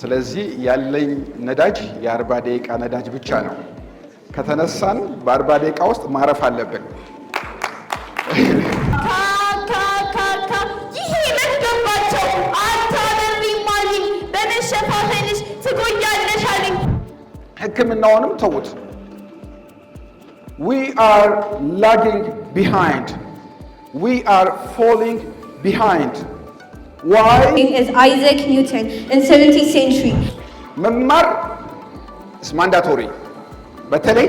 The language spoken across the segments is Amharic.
ስለዚህ ያለኝ ነዳጅ የአርባ ደቂቃ ነዳጅ ብቻ ነው። ከተነሳን በአርባ ደቂቃ ውስጥ ማረፍ አለብን። ይሄ ሕክምናውንም ተዉት። ዊ አር ላጊንግ ቢሃይንድ ዊ አር ፎሊንግ ቢሃይንድ Why? Is Isaac Newton in 17th century. መማር is mandatory በተለይ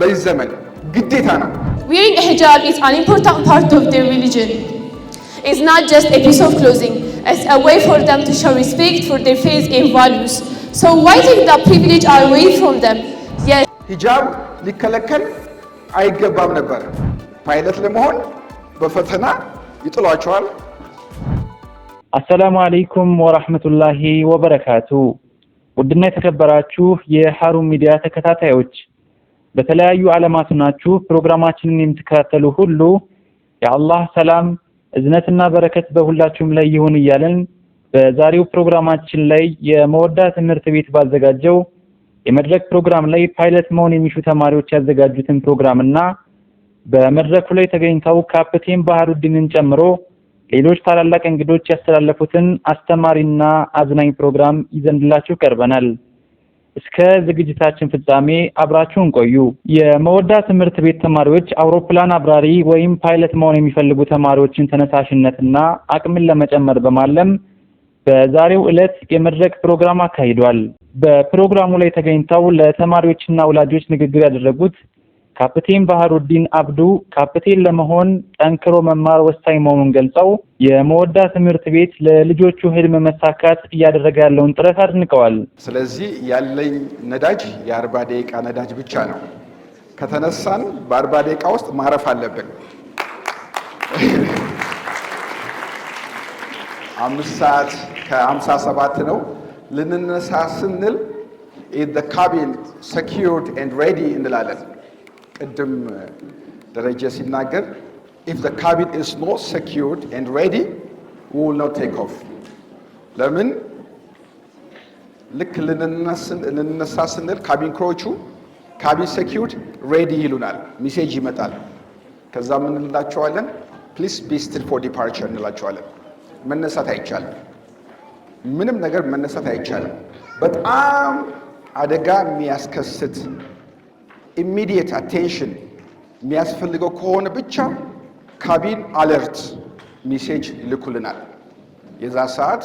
በዚህ ዘመን ግዴታ ነው። Wearing a hijab is an important part of their religion. It's not just a piece of clothing, it's a way for them to show respect for their faith and values. So why take that privilege away from them? Yes. ሂጃብ ሊከለከል አይገባም ነበር። ፓይለት ለመሆን በፈተና ይጥሏቸዋል። አሰላሙ አለይኩም ወራህመቱላሂ ወበረካቱ። ውድና የተከበራችሁ የሀሩን ሚዲያ ተከታታዮች በተለያዩ ዓለማት ናችሁ ፕሮግራማችንን የምትከታተሉ ሁሉ የአላህ ሰላም እዝነትና በረከት በሁላችሁም ላይ ይሁን እያለን በዛሬው ፕሮግራማችን ላይ የመወዳ ትምህርት ቤት ባዘጋጀው የመድረክ ፕሮግራም ላይ ፓይለት መሆን የሚሹ ተማሪዎች ያዘጋጁትን ፕሮግራም እና በመድረኩ ላይ ተገኝተው ካፕቴን ባህሩዲንን ጨምሮ ሌሎች ታላላቅ እንግዶች ያስተላለፉትን አስተማሪና አዝናኝ ፕሮግራም ይዘንላችሁ ቀርበናል። እስከ ዝግጅታችን ፍጻሜ አብራችሁን ቆዩ። የመወዳ ትምህርት ቤት ተማሪዎች አውሮፕላን አብራሪ ወይም ፓይለት መሆን የሚፈልጉ ተማሪዎችን ተነሳሽነትና አቅምን ለመጨመር በማለም በዛሬው ዕለት የመድረክ ፕሮግራም አካሂዷል። በፕሮግራሙ ላይ ተገኝተው ለተማሪዎችና ወላጆች ንግግር ያደረጉት ካፕቴን ባህሩዲን አብዱ ካፕቴን ለመሆን ጠንክሮ መማር ወሳኝ መሆኑን ገልጸው የመወዳ ትምህርት ቤት ለልጆቹ ህልም መሳካት እያደረገ ያለውን ጥረት አድንቀዋል። ስለዚህ ያለኝ ነዳጅ የአርባ ደቂቃ ነዳጅ ብቻ ነው። ከተነሳን በአርባ ደቂቃ ውስጥ ማረፍ አለብን። አምስት ሰዓት ከሀምሳ ሰባት ነው ልንነሳ ስንል ኢን ካቢን ሰኪዩርድ ኤንድ ሬዲ እንላለን ቅድም ደረጀ ሲናገር ኢፍ ዘ ካቢን ኢዝ ኖት ሴኪዩርድ ኤንድ ሬዲ ዊ ዊል ኖት ቴክ ኦፍ። ለምን ልክ ልንነሳ ስንል ካቢን ክሮቹ ካቢን ሴኪዩርድ ሬዲ ይሉናል። ሚሴጅ ይመጣል። ከዛ ምን እንላቸዋለን? ፕሊስ ቢ ስትል ፎር ዲፓርቸር እንላቸዋለን። መነሳት አይቻልም። ምንም ነገር መነሳት አይቻልም። በጣም አደጋ የሚያስከስት ኢሚዲየት አቴንሽን የሚያስፈልገው ከሆነ ብቻ ካቢን አለርት ሜሴጅ ይልኩልናል። የዛ ሰዓት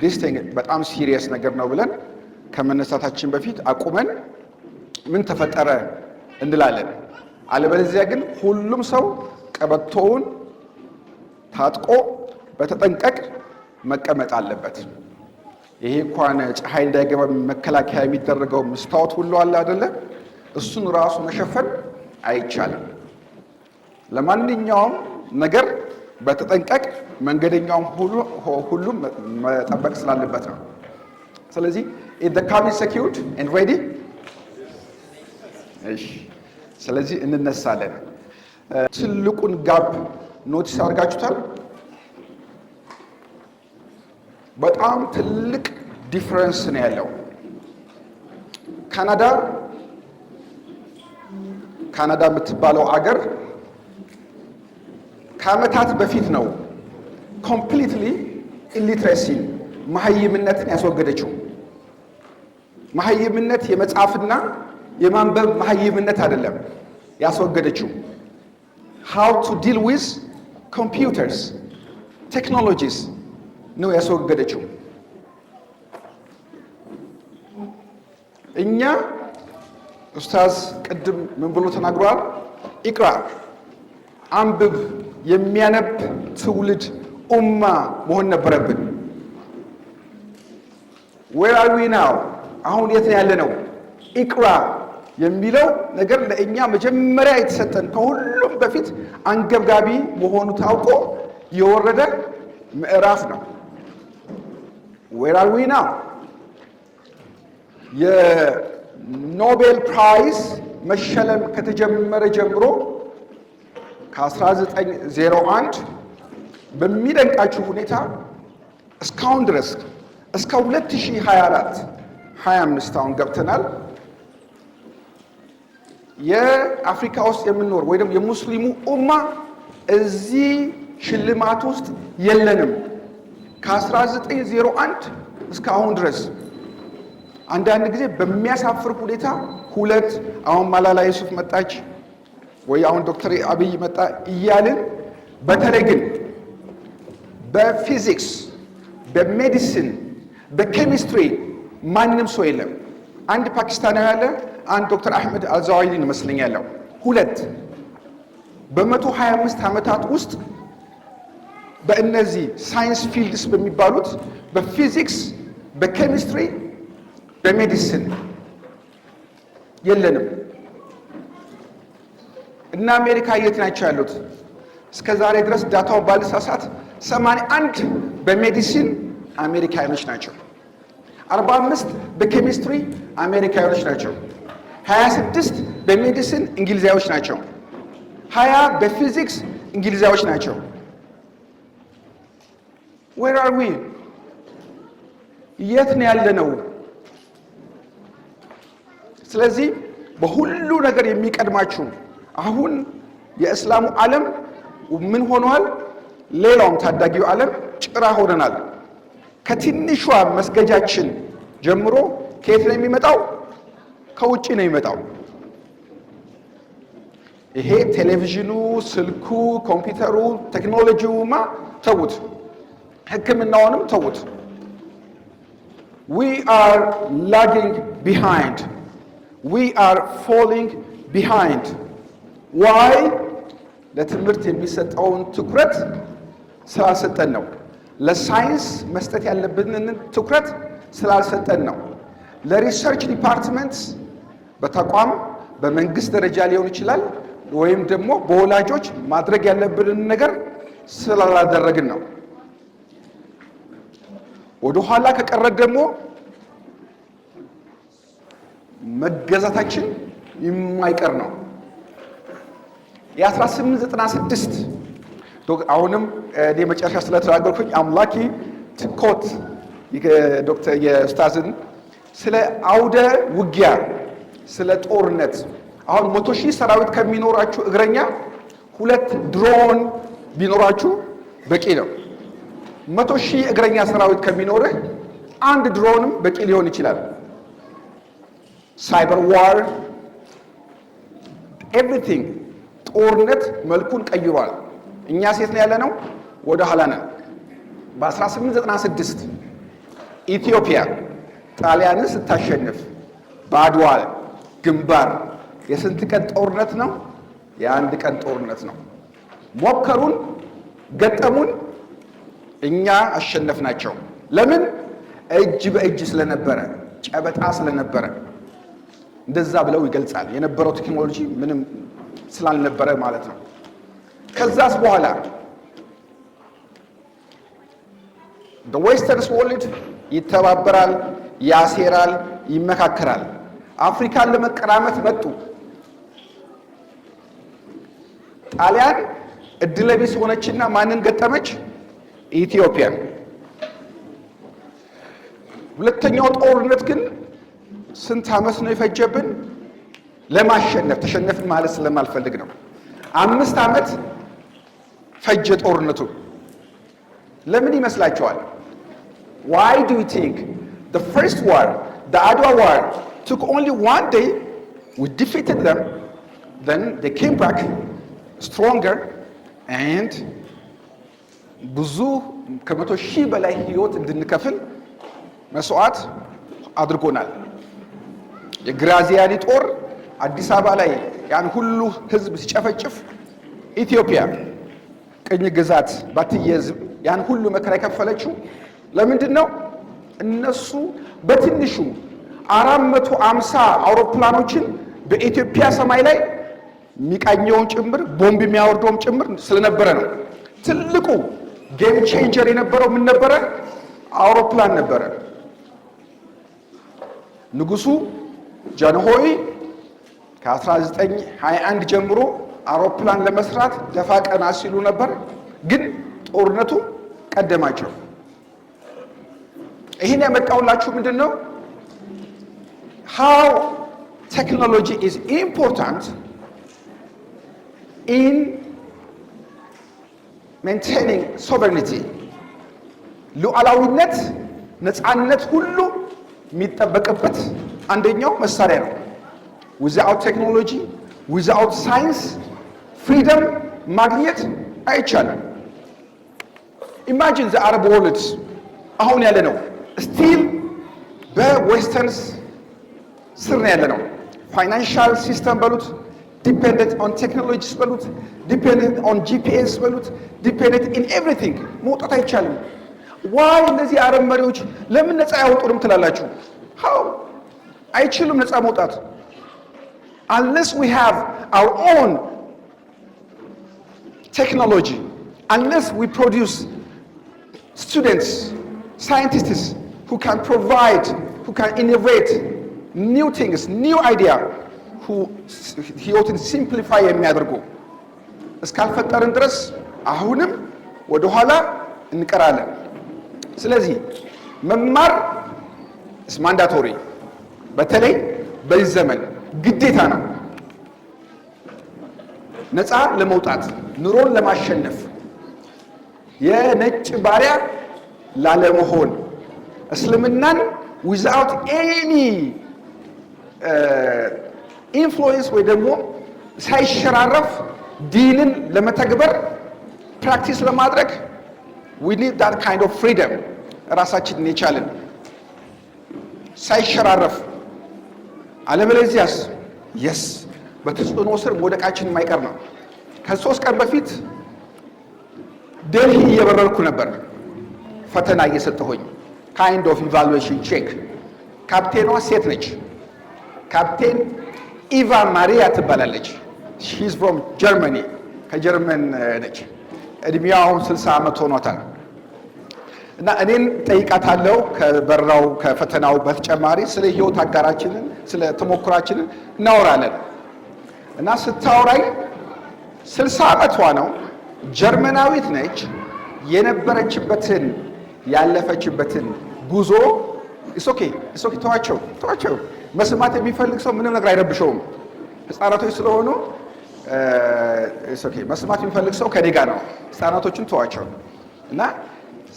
ዲስቲንግ በጣም ሲሪየስ ነገር ነው ብለን ከመነሳታችን በፊት አቁመን ምን ተፈጠረ እንላለን። አለበለዚያ ግን ሁሉም ሰው ቀበቶውን ታጥቆ በተጠንቀቅ መቀመጥ አለበት። ይሄ እንኳን ፀሐይ እንዳይገባ መከላከያ የሚደረገው መስታወት ሁሉ አለ አይደለም? እሱን ራሱ መሸፈን አይቻልም። ለማንኛውም ነገር በተጠንቀቅ መንገደኛውም ሁሉም መጠበቅ ስላለበት ነው። ስለዚህ ኢደካሚ ካም ኤንድ ሬዲ። ስለዚህ እንነሳለን። ትልቁን ጋፕ ኖቲስ አድርጋችሁታል። በጣም ትልቅ ዲፍረንስ ነው ያለው ካናዳ ካናዳ የምትባለው አገር ከአመታት በፊት ነው ኮምፕሊትሊ ኢሊትሬሲ መሀይምነትን ያስወገደችው። መሀይምነት የመጻፍና የማንበብ መሀይምነት አይደለም ያስወገደችው። ሃው ቱ ዲል ዊዝ ኮምፒውተርስ ቴክኖሎጂስ ነው ያስወገደችው። እኛ ኡስታዝ ቅድም ምን ብሎ ተናግሯል? ኢቅራ አንብብ፣ የሚያነብ ትውልድ ኡማ መሆን ነበረብን። ዌር አር ዊ ናው? አሁን የት ነው ያለ ነው? ኢቅራ የሚለው ነገር ለእኛ መጀመሪያ የተሰጠን ከሁሉም በፊት አንገብጋቢ መሆኑ ታውቆ የወረደ ምዕራፍ ነው። ዌር አር ዊ ናው? ኖቤል ፕራይስ መሸለም ከተጀመረ ጀምሮ ከ1901 በሚደንቃችሁ ሁኔታ እስካሁን ድረስ እስከ 2024 25 አሁን ገብተናል። የአፍሪካ ውስጥ የምንኖር ወይ ደግሞ የሙስሊሙ ኡማ እዚህ ሽልማት ውስጥ የለንም። ከ1901 እስካሁን ድረስ አንዳንድ ጊዜ በሚያሳፍር ሁኔታ ሁለት አሁን ማላላ ዩሱፍ መጣች ወይ አሁን ዶክተር አብይ መጣ እያልን በተለይ ግን በፊዚክስ በሜዲሲን በኬሚስትሪ ማንም ሰው የለም። አንድ ፓኪስታናዊ ያለ አንድ ዶክተር አሕመድ አልዛዋይሊ ይመስለኝ ያለው ሁለት በመቶ 25 ዓመታት ውስጥ በእነዚህ ሳይንስ ፊልድስ በሚባሉት በፊዚክስ በኬሚስትሪ በሜዲስን የለንም እና አሜሪካ የት ናቸው ያሉት? እስከ ዛሬ ድረስ ዳታው ባልሳሳት 81 በሜዲሲን አሜሪካኖች ናቸው። 45 በኬሚስትሪ አሜሪካኖች ናቸው። 26 በሜዲሲን እንግሊዛዎች ናቸው። 20 በፊዚክስ እንግሊዛዎች ናቸው። ዌር አር ዊ የት ነው ያለነው? ስለዚህ በሁሉ ነገር የሚቀድማችሁ አሁን የእስላሙ ዓለም ምን ሆኗል? ሌላውም ታዳጊው ዓለም ጭራ ሆነናል። ከትንሿ መስገጃችን ጀምሮ ከየት ነው የሚመጣው? ከውጭ ነው የሚመጣው። ይሄ ቴሌቪዥኑ፣ ስልኩ፣ ኮምፒውተሩ፣ ቴክኖሎጂውማ ተዉት። ህክምናውንም ተዉት። ዊ አር ላጊንግ ቢሃይንድ ዊ አር ፎሊንግ ቢሃይንድ why ለትምህርት የሚሰጠውን ትኩረት ስላልሰጠን ነው። ለሳይንስ መስጠት ያለብንን ትኩረት ስላልሰጠን ነው። ለሪሰርች ዲፓርትመንት በተቋም በመንግስት ደረጃ ሊሆን ይችላል፣ ወይም ደግሞ በወላጆች ማድረግ ያለብንን ነገር ስላላደረግን ነው። ወደኋላ ከቀረ ደግሞ መገዛታችን የማይቀር ነው። የ1896 አሁንም እኔ መጨረሻ ስለተናገርኩኝ አምላኪ ትኮት ዶክተር የኡስታዝን ስለ አውደ ውጊያ ስለ ጦርነት አሁን መቶ ሺህ ሰራዊት ከሚኖራችሁ እግረኛ ሁለት ድሮን ቢኖራችሁ በቂ ነው። መቶ ሺህ እግረኛ ሰራዊት ከሚኖርህ አንድ ድሮንም በቂ ሊሆን ይችላል። ሳይበር ዋር ኤቭሪቲንግ ጦርነት መልኩን ቀይሯል። እኛ ሴት ላይ ያለነው ወደ ኋላ ነን። በ1896 ኢትዮጵያ ጣሊያንን ስታሸንፍ በአድዋ ግንባር የስንት ቀን ጦርነት ነው? የአንድ ቀን ጦርነት ነው። ሞከሩን፣ ገጠሙን፣ እኛ አሸነፍናቸው። ለምን? እጅ በእጅ ስለነበረ፣ ጨበጣ ስለነበረ እንደዛ ብለው ይገልጻል። የነበረው ቴክኖሎጂ ምንም ስላልነበረ ማለት ነው። ከዛስ በኋላ በዌስተርስ ወርልድ ይተባበራል፣ ያሴራል፣ ይመካከራል። አፍሪካን ለመቀራመት መጡ። ጣሊያን እድለቢስ ሆነችና ማንን ገጠመች? ኢትዮጵያን። ሁለተኛው ጦርነት ግን ስንት ዓመት ነው የፈጀብን ለማሸነፍ? ተሸነፍን ማለት ስለማልፈልግ ነው። አምስት ዓመት ፈጀ ጦርነቱ። ለምን ይመስላችኋል? ዋይ ዱ ዩ ቲንክ the first war the Adwa war took only one day we defeated them then they came back stronger and ብዙ ከመቶ ሺህ በላይ ህይወት እንድንከፍል መስዋዕት አድርጎናል። የግራዚያኒ ጦር አዲስ አበባ ላይ ያን ሁሉ ህዝብ ሲጨፈጭፍ ኢትዮጵያ ቅኝ ግዛት ባትያዝ ያን ሁሉ መከራ የከፈለችው ለምንድን ነው? እነሱ በትንሹ አራት መቶ አምሳ አውሮፕላኖችን በኢትዮጵያ ሰማይ ላይ የሚቃኘውን ጭምር ቦምብ የሚያወርደውም ጭምር ስለነበረ ነው። ትልቁ ጌም ቼንጀር የነበረው ምን ነበረ? አውሮፕላን ነበረ። ንጉሱ ጃንሆይ ከ1921 ጀምሮ አውሮፕላን ለመስራት ደፋ ቀና ሲሉ ነበር፣ ግን ጦርነቱ ቀደማቸው። ይህን ያመጣውላችሁ ምንድን ነው? ሃው ቴክኖሎጂ ኢዝ ኢምፖርታንት ኢን ሜንቴኒንግ ሶቨሬኒቲ ሉዓላዊነት፣ ነፃነት ሁሉ የሚጠበቅበት አንደኛው መሳሪያ ነው። ዊዝአውት ቴክኖሎጂ ዊዝአውት ሳይንስ ፍሪደም ማግኘት አይቻልም። ኢማጂን ዘ አረብ ወርልድ አሁን ያለ ነው ስቲል በዌስተርንስ ስር ነው ያለ ነው። ፋይናንሻል ሲስተም በሉት ዲፔንደንት ኦን ቴክኖሎጂስ በሉት ዲፔንደንት ኦን ጂፒኤስ በሉት ዲፔንደንት ኢን ኤቭሪቲንግ መውጣት አይቻልም። ዋይ እነዚህ አረብ መሪዎች ለምን ነፃ አያወጡንም ትላላችሁ? አይችሉም ነፃ መውጣት አንለስ ዊ ሃቭ አር ኦን ቴክኖሎጂ አንለስ ዊ ፕሮዲውስ ስቱደንትስ ሳይንቲስትስ ሁ ካን ፕሮቫይድ ሁ ካን ኢኖቬት ኒው ቲንግስ ኒው አይዲያ ህይወትን ሲምፕሊፋይ የሚያደርጉ እስካልፈጠርን ድረስ አሁንም ወደኋላ እንቀራለን ስለዚህ መማር ስ ማንዳቶሪ በተለይ በዚህ ዘመን ግዴታ ነው። ነፃ ለመውጣት ኑሮን ለማሸነፍ የነጭ ባሪያ ላለመሆን እስልምናን ዊዛውት ኤኒ ኢንፍሉዌንስ ወይ ደግሞ ሳይሸራረፍ ዲንን ለመተግበር ፕራክቲስ ለማድረግ ዊ ኒድ ዳት ካይንድ ኦፍ ፍሪደም ራሳችንን የቻልን ሳይሸራረፍ አለበለዚያስ የስ በተጽዕኖ ስር መውደቃችን የማይቀር ነው። ከሶስት ቀን በፊት ደልሂ እየበረርኩ ነበር ፈተና እየሰጠሁኝ ካይንድ ኦፍ ኢቫሉዌሽን ቼክ። ካፕቴኗ ሴት ነች። ካፕቴን ኢቫ ማሪያ ትባላለች። ሺዝ ፍሮም ጀርመኒ ከጀርመን ነች። እድሜዋ አሁን ስልሳ ዓመት ሆኗታል። እና እኔን ጠይቃታለው ከበራው ከፈተናው በተጨማሪ ስለ ህይወት አጋራችንን ስለ ተሞክራችንን እናወራለን። እና ስታወራኝ ስልሳ ዓመቷ ነው፣ ጀርመናዊት ነች። የነበረችበትን ያለፈችበትን ጉዞ ኢሶኬ ኢሶኬ ተዋቸው ተዋቸው። መስማት የሚፈልግ ሰው ምንም ነገር አይረብሸውም። ህፃናቶች ስለሆኑ ኢሶኬ መስማት የሚፈልግ ሰው ከኔ ጋር ነው። ህፃናቶችን ተዋቸው እና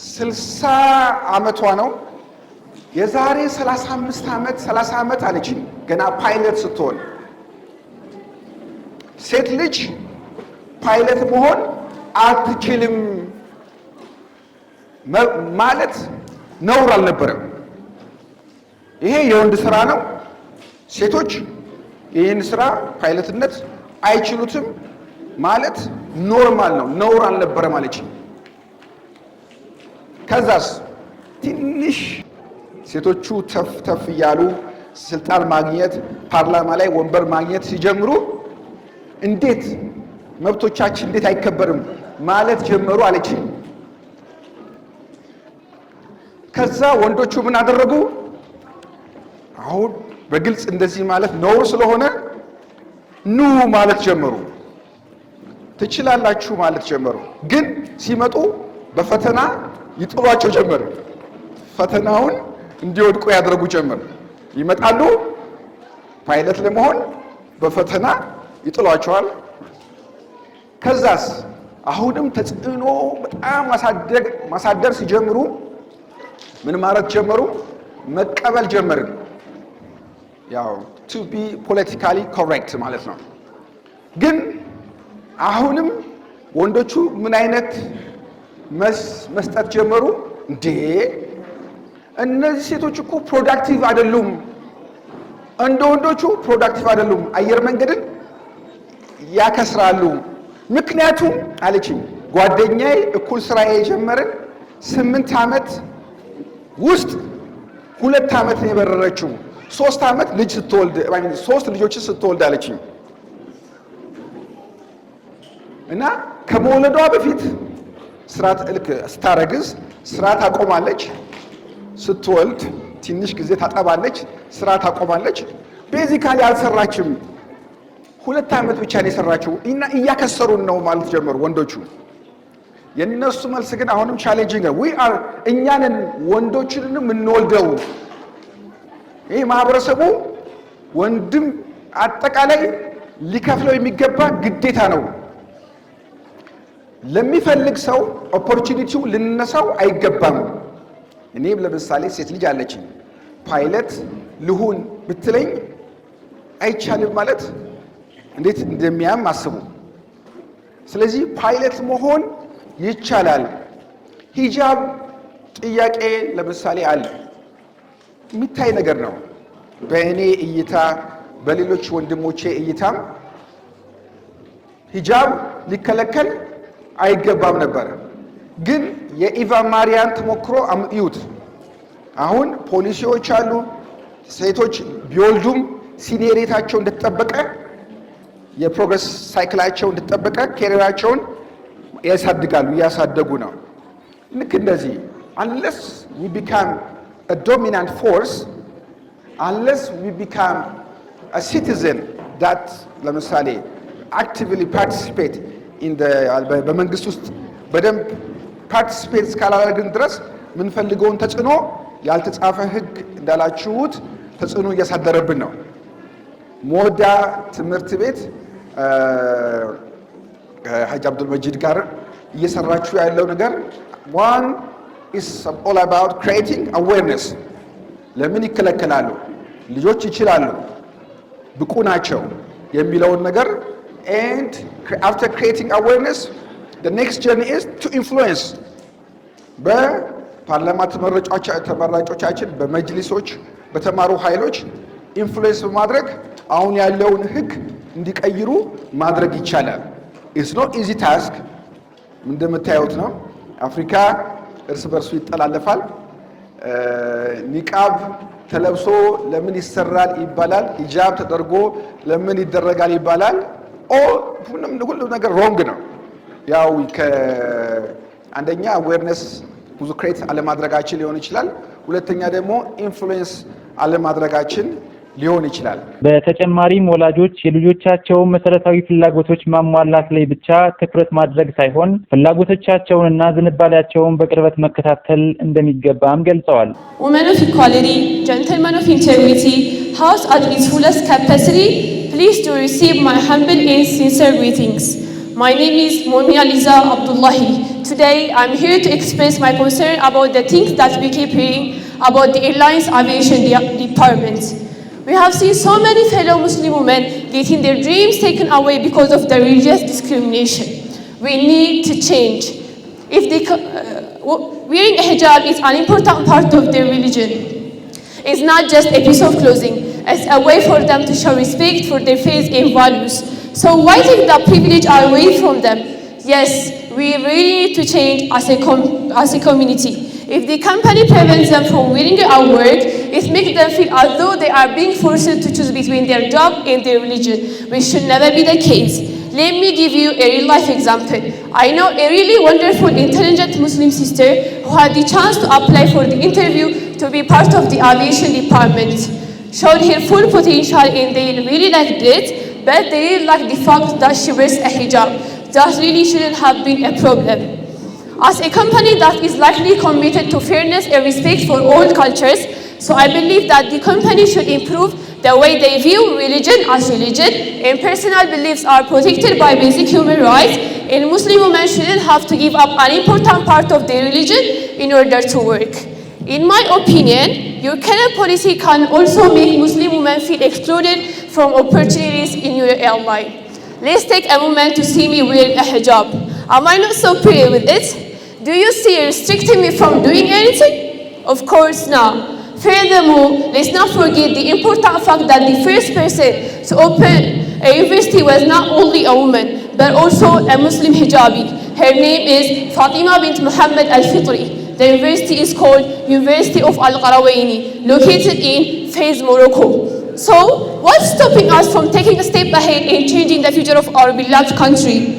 ስልሳ ዓመቷ ነው። የዛሬ 35 ዓመት 30 ዓመት አለችኝ ገና ፓይለት ስትሆን ሴት ልጅ ፓይለት መሆን አትችልም ማለት ነውር አልነበረም። ይሄ የወንድ ስራ ነው። ሴቶች ይህን ስራ ፓይለትነት አይችሉትም ማለት ኖርማል ነው፣ ነውር አልነበረም አለችኝ። ከዛስ ትንሽ ሴቶቹ ተፍ ተፍ እያሉ ስልጣን ማግኘት ፓርላማ ላይ ወንበር ማግኘት ሲጀምሩ እንዴት መብቶቻችን እንዴት አይከበርም ማለት ጀመሩ አለች። ከዛ ወንዶቹ ምን አደረጉ? አሁን በግልጽ እንደዚህ ማለት ነውር ስለሆነ ኑ ማለት ጀመሩ። ትችላላችሁ ማለት ጀመሩ። ግን ሲመጡ በፈተና ይጥሏቸው ጀመር። ፈተናውን እንዲወድቁ ያደረጉ ጀመር። ይመጣሉ ፓይለት ለመሆን በፈተና ይጥሏቸዋል። ከዛስ አሁንም ተጽዕኖ በጣም ማሳደግ ማሳደር ሲጀምሩ ምን ማለት ጀመሩ? መቀበል ጀመርን። ያው ቱ ቢ ፖለቲካሊ ኮሬክት ማለት ነው። ግን አሁንም ወንዶቹ ምን አይነት መስጠት ጀመሩ። እንዴ እነዚህ ሴቶች እኮ ፕሮዳክቲቭ አይደሉም፣ እንደ ወንዶቹ ፕሮዳክቲቭ አይደሉም፣ አየር መንገድን ያከስራሉ። ምክንያቱም አለችኝ ጓደኛዬ እኩል ስራ የጀመርን ስምንት ዓመት ውስጥ ሁለት ዓመት ነው የበረረችው። ሶስት ዓመት ልጅ ስትወልድ ሶስት ልጆችን ስትወልድ አለችኝ እና ከመወለዷ በፊት ስርዓት እልክ ስታረግዝ ስርዓት አቆማለች ስትወልድ ትንሽ ጊዜ ታጠባለች፣ ስርዓት አቆማለች ቤዚካሊ አልሰራችም። ሁለት ዓመት ብቻ ነው የሰራችው እና እያከሰሩን ነው ማለት ጀመሩ ወንዶቹ። የእነሱ መልስ ግን አሁንም ቻሌንጂንግ ነው። አር እኛንን ወንዶችንን የምንወልደው ይህ ማህበረሰቡ ወንድም አጠቃላይ ሊከፍለው የሚገባ ግዴታ ነው። ለሚፈልግ ሰው ኦፖርቹኒቲው ልነሳው አይገባም። እኔም ለምሳሌ ሴት ልጅ አለችኝ ፓይለት ልሁን ብትለኝ አይቻልም ማለት እንዴት እንደሚያም አስቡ። ስለዚህ ፓይለት መሆን ይቻላል። ሂጃብ ጥያቄ ለምሳሌ አለ። የሚታይ ነገር ነው። በእኔ እይታ፣ በሌሎች ወንድሞቼ እይታም ሂጃብ ሊከለከል አይገባም ነበረ። ግን የኢቫ ማሪያን ተሞክሮ እዩት። አሁን ፖሊሲዎች አሉ። ሴቶች ቢወልዱም ሲኒየሬታቸው እንደተጠበቀ የፕሮግረስ ሳይክላቸው እንደተጠበቀ ኬሪራቸውን ያሳድጋሉ፣ እያሳደጉ ነው። ልክ እንደዚህ አንለስ ዊ ቢካም ዶሚናንት ፎርስ አንለስ ዊ ቢካም ሲቲዘን ዳት ለምሳሌ አክቲቭሊ ፓርቲሲፔት Uh, በመንግስት ውስጥ በደንብ ፓርቲስፔት እስካላደረግን ድረስ የምንፈልገውን ተጽዕኖ ያልተጻፈ ህግ እንዳላችሁት ተጽዕኖ እያሳደረብን ነው። ሞዳ ትምህርት ቤት ከሀጅ አብዱልመጂድ ጋር እየሰራችሁ ያለው ነገር ዋን ኢስ ኦል አባውት ክሪኤቲንግ አዌርነስ ለምን ይከለከላሉ፣ ልጆች ይችላሉ፣ ብቁ ናቸው የሚለውን ነገር And after creating awareness, the next journey is to influence በፓርላማ ተመራጮቻችን፣ በመጅሊሶች፣ በተማሩ ኃይሎች ኢንፍሉዌንስ በማድረግ አሁን ያለውን ህግ እንዲቀይሩ ማድረግ ይቻላል። ኢትስ ኖት ኢዚ ታስክ። እንደምታዩት ነው። አፍሪካ እርስ በርሱ ይጠላለፋል። ኒቃብ ተለብሶ ለምን ይሰራል ይባላል። ሂጃብ ተደርጎ ለምን ይደረጋል ይባላል። ሁሉ ነገር ሮንግ ነው። ያው አንደኛ አዌርነስ ብዙ ክሬት አለማድረጋችን ሊሆን ይችላል። ሁለተኛ ደግሞ ኢንፍሉዌንስ አለማድረጋችን ሊሆን ይችላል። በተጨማሪም ወላጆች የልጆቻቸውን መሰረታዊ ፍላጎቶች ማሟላት ላይ ብቻ ትኩረት ማድረግ ሳይሆን ፍላጎቶቻቸውንና ዝንባሌያቸውን በቅርበት መከታተል እንደሚገባም ገልጸዋል። ውመን ኦፍ ኢኳሊቲ ጀንትልመን ኦፍ ኢንቴግሪቲ ሃውስ አት ኢትስ ፉለስት ካፓሲቲ ፕሊዝ ዱ ሪሲቭ ማይ ሃምብል ኤንድ ሲንሰር ግሪቲንግስ ማይ ኔም ኢዝ ሞሚያ ሊዛ አብዱላሂ ቱዴይ አይ አም ሂር ቱ ኤክስፕሬስ ማይ ኮንሰርን አባውት ዘ ቲንግስ ዛት ዊ ኪፕ ሂሪንግ አባውት ዘ ኤርላይንስ አቪዬሽን ዲፓርትመንት we have seen so many fellow Muslim women getting their dreams taken away because of the religious discrimination. We need to change. If they, uh, wearing a hijab is an important part of their religion. It's not just a piece of clothing. It's a way for them to show respect for their faith and values. So why take that privilege away from them? Yes, we really need to change as a, as a community. If the company prevents them from wearing our work, it makes them feel, as though they are being forced to choose between their job and their religion, which should never be the case. Let me give you a real life example. I know a really wonderful, intelligent Muslim sister who had the chance to apply for the interview to be part of the aviation department. Showed her full potential and they really liked it, but they didn't liked the fact that she wears a hijab. That really shouldn't have been a problem. As a company that is likely committed to fairness and respect for all cultures, so I believe that the company should improve the way they view religion as religion, and personal beliefs are protected by basic human rights, and Muslim women shouldn't have to give up an important part of their religion in order to work. In my opinion, your current policy can also make Muslim women feel excluded from opportunities in your airline. Let's take a moment to see me wearing a hijab. Am I not so pretty with it? Do you see it restricting me from doing anything? Of course not. Furthermore, let's not forget the important fact that the first person to open a university was not only a woman, but also a Muslim hijabi. Her name is Fatima bint Muhammad al-Fitri. The university is called University of Al-Qarawayni, located in Fez, Morocco. So, what's stopping us from taking a step ahead in changing the future of our beloved country?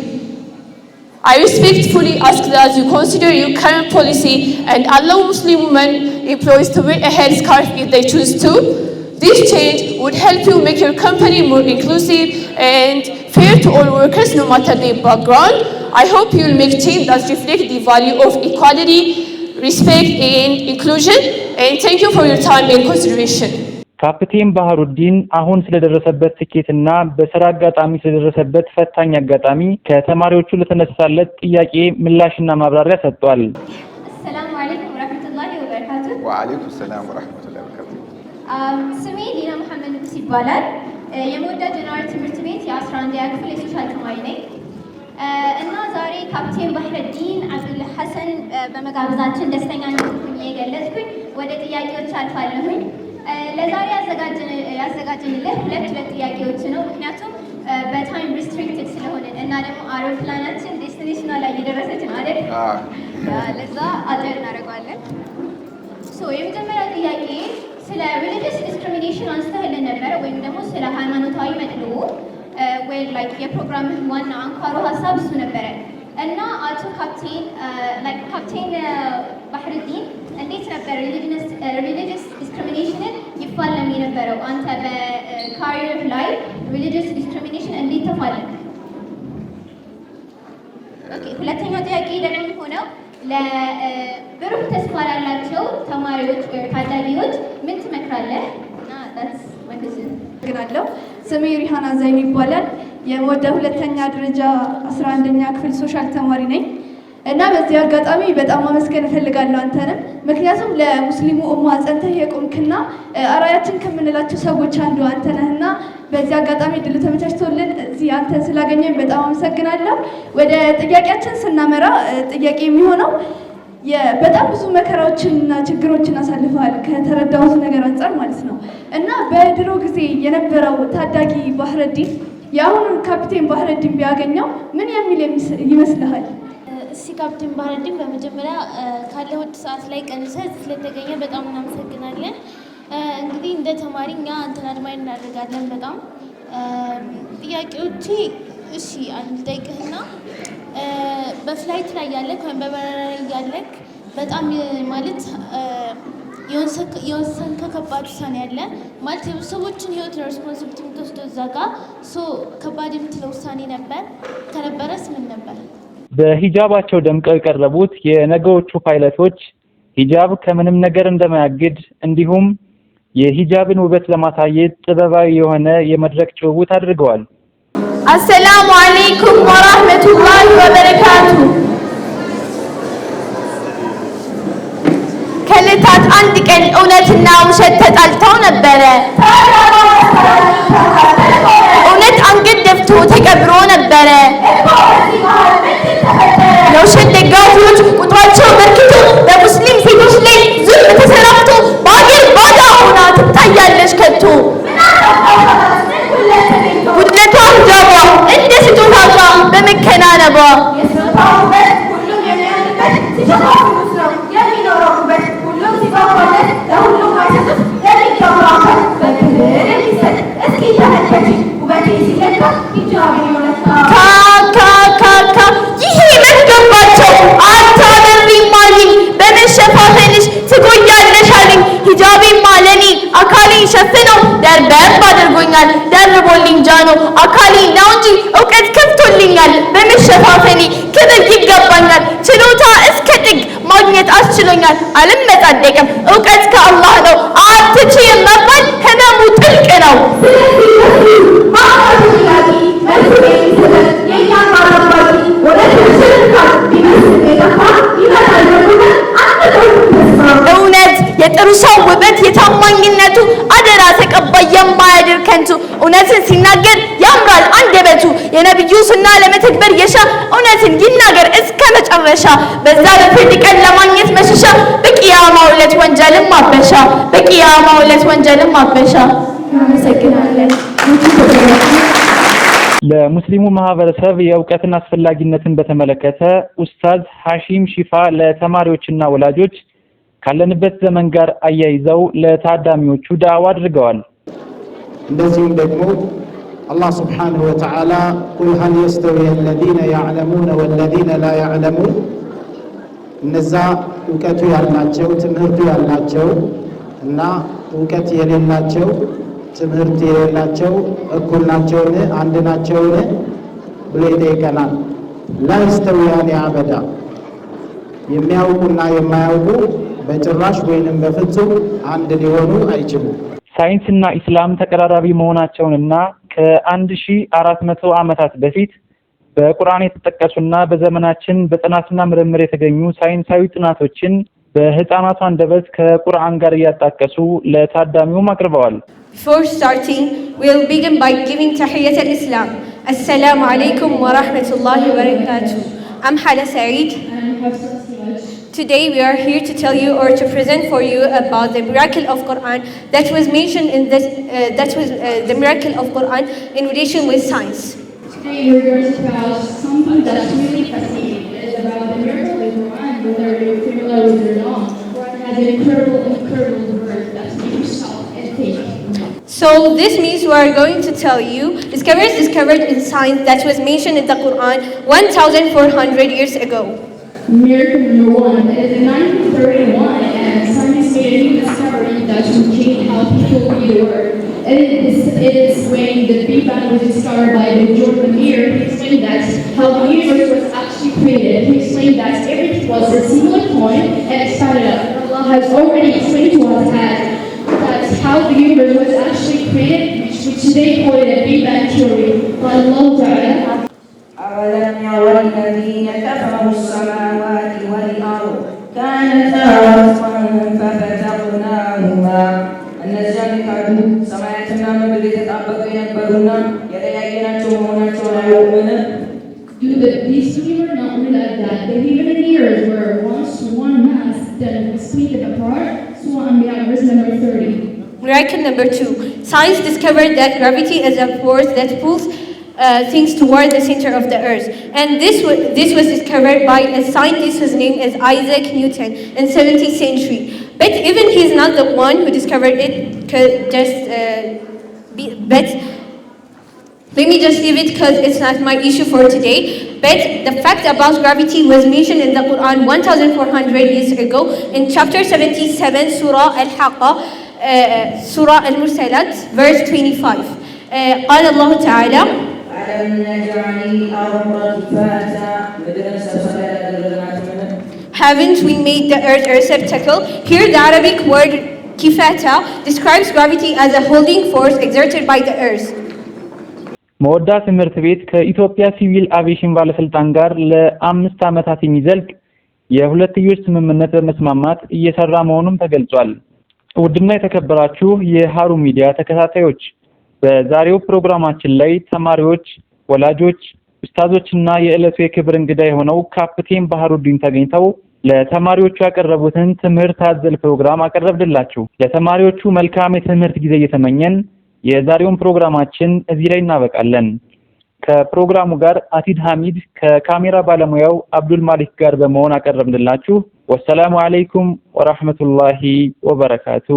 I respectfully ask that you consider your current policy and allow Muslim women employees to wear a headscarf if they choose to. This change would help you make your company more inclusive and fair to all workers no matter their background. I hope you'll make change that reflect the value of equality, respect and inclusion. And thank you for your time and consideration. ካፕቴን ባህሩዲን አሁን ስለደረሰበት ስኬትና በስራ አጋጣሚ ስለደረሰበት ፈታኝ አጋጣሚ ከተማሪዎቹ ለተነሳለት ጥያቄ ምላሽና ማብራሪያ ሰጥቷል። አሰላሙ አለይኩም ወራህመቱላሂ ወበረካቱ። ወአለይኩም ሰላም ወራህመቱላሂ ወበረካቱ። ስሜ ሌላ መሐመድ ንጉስ ይባላል። የመወዳ ጀነራል ትምህርት ቤት የ 11 ክፍል የሶሻል ተማሪ ነኝ እና ዛሬ ካፕቴን ባህረዲን አብዱል ሐሰን በመጋበዛችን ደስተኛ ነኝ የገለጽኩኝ። ወደ ጥያቄዎች አልፋለሁኝ። ለዛሬ ያዘጋጀንልህ ሁለት ሁለት ጥያቄዎች ነው። ምክንያቱም በታይም ሪስትሪክትድ ስለሆነ እና ደግሞ አውሮፕላናችን ዴስቲኔሽኗ ላይ እየደረሰች ነው አይደል? ለዛ አጠር እናደርገዋለን። የመጀመሪያ ጥያቄ ስለ ሪሊጅስ ዲስክሪሚኔሽን አንስተህልን ነበረ ወይም ደግሞ ስለ ሃይማኖታዊ መድልዎ ወይ ላይክ ዋና አንኳሮ ሀሳብ እሱ ነበረ እና አቶ ካፕቴን ካፕቴን ባህርዲን እንዴት ነበር ሪሊጂየስ ዲስክሪሚኔሽንን ይፋለም የነበረው? አንተ በካሪር ላይ ሪሊጅስ ዲስክሪሚኔሽን እንዴት ተፋለም? ሁለተኛው ጥያቄ ደግሞ የሚሆነው ለብሩህ ተስፋ ላላቸው ተማሪዎች ወይ ታዳጊዎች ምን ትመክራለህ? ግናለው ስሜ ሪሃና ዘይን ይባላል። ወደ ሁለተኛ ደረጃ 11ኛ ክፍል ሶሻል ተማሪ ነኝ። እና በዚህ አጋጣሚ በጣም አመስገን እፈልጋለሁ አንተንም። ምክንያቱም ለሙስሊሙ እማ ጸንተህ የቆምክና አራያችን ከምንላቸው ሰዎች አንዱ አንተ ነህና በዚህ አጋጣሚ ድል ተመቻችቶልን እዚህ አንተን ስላገኘን በጣም አመሰግናለሁ። ወደ ጥያቄያችን ስናመራ ጥያቄ የሚሆነው በጣም ብዙ መከራዎችንና ችግሮችን አሳልፈዋል ከተረዳሁት ነገር አንጻር ማለት ነው እና በድሮ ጊዜ የነበረው ታዳጊ ባህረዲን የአሁኑን ካፒቴን ባህረዲን ቢያገኘው ምን የሚል ይመስልሃል? ካፕቴን ባህረዲን በመጀመሪያ ካለ ውድ ሰዓት ላይ ቀንሰ ስለተገኘ በጣም እናመሰግናለን። እንግዲህ እንደ ተማሪ እኛ አንተን አድማይ እናደርጋለን በጣም ጥያቄዎቼ እሺ አንድ ጠይቅህና በፍላይት ላይ ያለክ ወይም በበረራ ላይ ያለክ በጣም ማለት የወሰን ከከባድ ውሳኔ ያለ ማለት ሰዎችን ህይወት ነው ሬስፖንሲቢሊቲ የምትወስደው እዛ ጋር ሶ ከባድ የምትለው ውሳኔ ነበር ከነበረስ ምን ነበር? በሂጃባቸው ደምቀው የቀረቡት የነገዎቹ ፓይለቶች ሂጃብ ከምንም ነገር እንደማያግድ እንዲሁም የሂጃብን ውበት ለማሳየት ጥበባዊ የሆነ የመድረክ ጭውውት አድርገዋል። አሰላሙ አለይኩም ወራህመቱላሂ ወበረካቱ። ከዕለታት አንድ ቀን እውነትና ውሸት ተጣልተው ነበረ። በብረት አንገት ደፍቶ ተቀብሮ ነበረ። የውሸት ደጋፊዎች ቁጥራቸው በርክቶ በሙስሊም ሴቶች ላይ ዙልም ተሰራፍቶ በአገር ባዳ ሆና ትታያለች ከቶ ይችላል። አልመጻደቅም። እውቀት ከአላህ ነው። አትችይም መባል ህመሙ ጥልቅ ነው። እውነት የጥሩ ሰው ከንቱ እውነትን ሲናገር ያምራል አንደበቱ የነቢዩ ሱና ለመተግበር የሻ እውነትን ይናገር እስከ መጨረሻ በዛ በፍርድ ቀን ለማግኘት መሸሻ በቂያማ ዕለት ወንጀልን ማበሻ በቂያማ ዕለት ወንጀልን ማበሻ። ለሙስሊሙ ማህበረሰብ የእውቀትን አስፈላጊነትን በተመለከተ ኡስታዝ ሐሺም ሺፋ ለተማሪዎችና ወላጆች ካለንበት ዘመን ጋር አያይዘው ለታዳሚዎቹ ዳዕዋ አድርገዋል። እንደዚሁም ደግሞ አላህ ስብሓንሁ ወተዓላ ቁል ሀል የስተዊ አለዚነ ያዕለሙነ ወለዚነ ላ ያዕለሙን እነዛ እውቀቱ ያላቸው ትምህርቱ ያላቸው እና እውቀት የሌላቸው ትምህርት የሌላቸው እኩል ናቸውን? አንድ ናቸውን? ብሎ ይጠይቀናል። ላ ላይስተውያን አበዳ የሚያውቁና የማያውቁ በጭራሽ ወይንም በፍጹም አንድ ሊሆኑ አይችሉም። ሳይንስና ኢስላም ተቀራራቢ መሆናቸውንና ከ1400 ዓመታት በፊት በቁርአን የተጠቀሱና በዘመናችን በጥናትና ምርምር የተገኙ ሳይንሳዊ ጥናቶችን በህፃናቱ አንደበት ከቁርአን ጋር እያጣቀሱ ለታዳሚውም አቅርበዋል። Before starting, we'll begin by giving tahiyyat al-Islam. Assalamu alaykum wa rahmatullahi wa barakatuh. I'm Hala Saeed. Today we are here to tell you or to present for you about the miracle of Quran that was mentioned in this, uh, that was uh, the miracle of Quran in relation with science. Today we're going to about something that's really fascinating. It is about the miracle of Quran, whether you're familiar with it or not. Quran has an incredible, incredible word that makes yourself and think. So this means we are going to tell you discoveries discovered in science that was mentioned in the Quran 1,400 years ago. Miracle number one. It is in 1931, and scientists made a new discovery that would change how people read the word. And it is, it is when the Big Bang was discovered by the Jordan Muir, he explained that how the universe was actually created. He explained that everything was a singular point and expanded out. Allah has already explained to us that, that how the universe was actually created, which we today call it a Big Bang theory. Allah Ta'ala. أولم يرى الذين كفروا السماء በምድር የተጣበቀ የነበሩና የተለያየናቸው መሆናቸውን አያውቁምን? Do the these three were not that? The the earth were once one mass that split apart. So on verse number 30. Miracle number two. Science discovered that gravity is a force that pulls uh, things toward the center of the earth. And this, w- this was discovered by a scientist whose name is Isaac Newton in 17th century. But even he's not the one who discovered it, just uh, but let me just leave it because it's not my issue for today. But the fact about gravity was mentioned in the Quran 1400 years ago in chapter 77, Surah Al-Haqqa, uh, Surah Al-Mursalat, verse 25. Uh, قال الله Haven't we made the earth a receptacle? Here the Arabic word Kifeta describes gravity as a holding force exerted by the earth. መወዳ ትምህርት ቤት ከኢትዮጵያ ሲቪል አቪዬሽን ባለስልጣን ጋር ለአምስት ዓመታት የሚዘልቅ የሁለትዮሽ ስምምነት በመስማማት እየሰራ መሆኑን ተገልጿል። ውድና የተከበራችሁ የሃሩን ሚዲያ ተከታታዮች በዛሬው ፕሮግራማችን ላይ ተማሪዎች፣ ወላጆች፣ ኡስታዞችና የዕለቱ የክብር እንግዳ የሆነው ካፕቴን ባህሩዲን ተገኝተው ለተማሪዎቹ ያቀረቡትን ትምህርት አዘል ፕሮግራም አቀረብንላችሁ። ለተማሪዎቹ መልካም የትምህርት ጊዜ እየተመኘን የዛሬውን ፕሮግራማችን እዚህ ላይ እናበቃለን። ከፕሮግራሙ ጋር አሲድ ሐሚድ ከካሜራ ባለሙያው አብዱል ማሊክ ጋር በመሆን አቀረብንላችሁ። ወሰላሙ አለይኩም ወራህመቱላሂ ወበረካቱ።